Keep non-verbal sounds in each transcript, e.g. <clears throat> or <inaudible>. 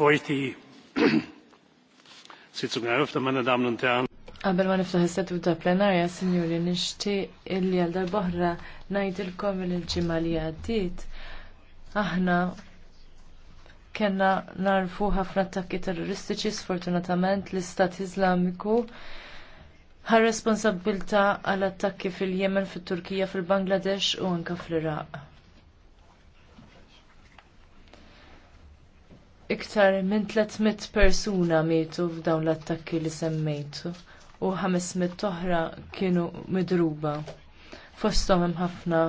Bevor <clears throat> Sitzung meine Damen und Herren. Qabel ma niftaħ is-setu ta' plenarja, sinjuri, nixtieq illi għal darb'oħra ngħidilkom il-ġimgħa li għaddiet aħna kellna narfu ħafna attakki terroristiċi sfortunatament l-Istat Iżlamiku ħar responsabilta għal attakki fil-Yemen, fil-Turkija, fil-Bangladesh u anke fl-Iraq. iktar minn 300 persuna mietu f'dawn l-attakki li semmejtu u 500 oħra kienu midruba. Fostom hemm ħafna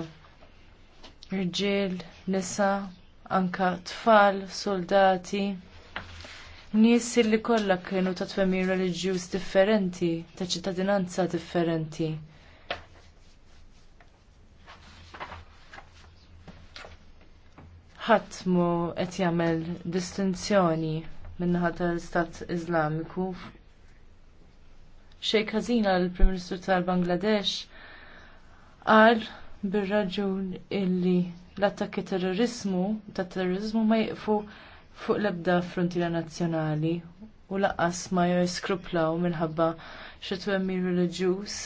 rġiel, nisa, anka tfal, soldati. Nies li kollha kienu ta' twemmin reliġjuż differenti, ta' ċittadinanza differenti. mu qed jagħmel distinzjoni minnaħa tal-Istat Iżlamiku. Xejn ħażina l-Prim Ministru tal-Bangladesh qal bir-raġun illi l-attakki tat ta' terrorizmu ma jiqfu fuq l-ebda frontiera nazzjonali u lanqas ma jiskruplaw minħabba xi twemmir reliġjuż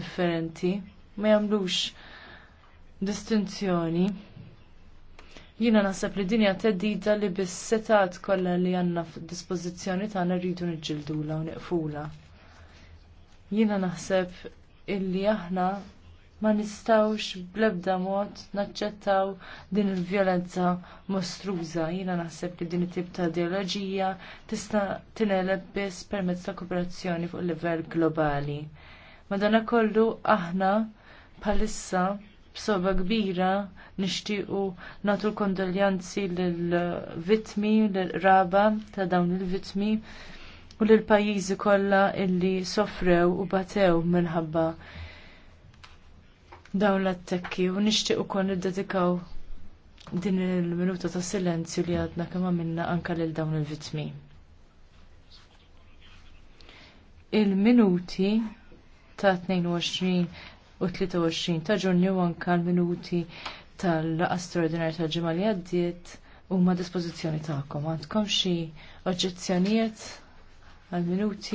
differenti ma jagħmlux distinzjoni Jina naħseb li dinja teddida li bis-setat kollha li għandna f'dispożizzjoni tagħna rridu niġġildula u neqfula. Jina naħseb illi aħna ma nistawx blebda mod naċċettaw din il-vjolenza mostruża. Jina naħseb li din it-tip ta' ideologija tista' tineleb biss permezz ta' kooperazzjoni fuq livell globali. Madonna kollu aħna bħalissa b'soba kbira nixtiequ nagħtu l-kondoljanzi lill-vittmi, lill-raba ta' dawn il-vittmi u lill-pajjiżi kollha illi sofrew u batew minħabba dawn l-attakki u nixtiequ ukoll niddedikaw din il-minuta ta' silenzju li għadna kemm għamilna anke lil dawn il-vittmi. Il-minuti ta' 22 u 23 ta' Ġunju anka l-minuti tal laqas straordinari tal-ġimgħa li għaddiet huma dispożizzjoni tagħkom. Għandkom xi oġġezzjonijiet għal-minuti?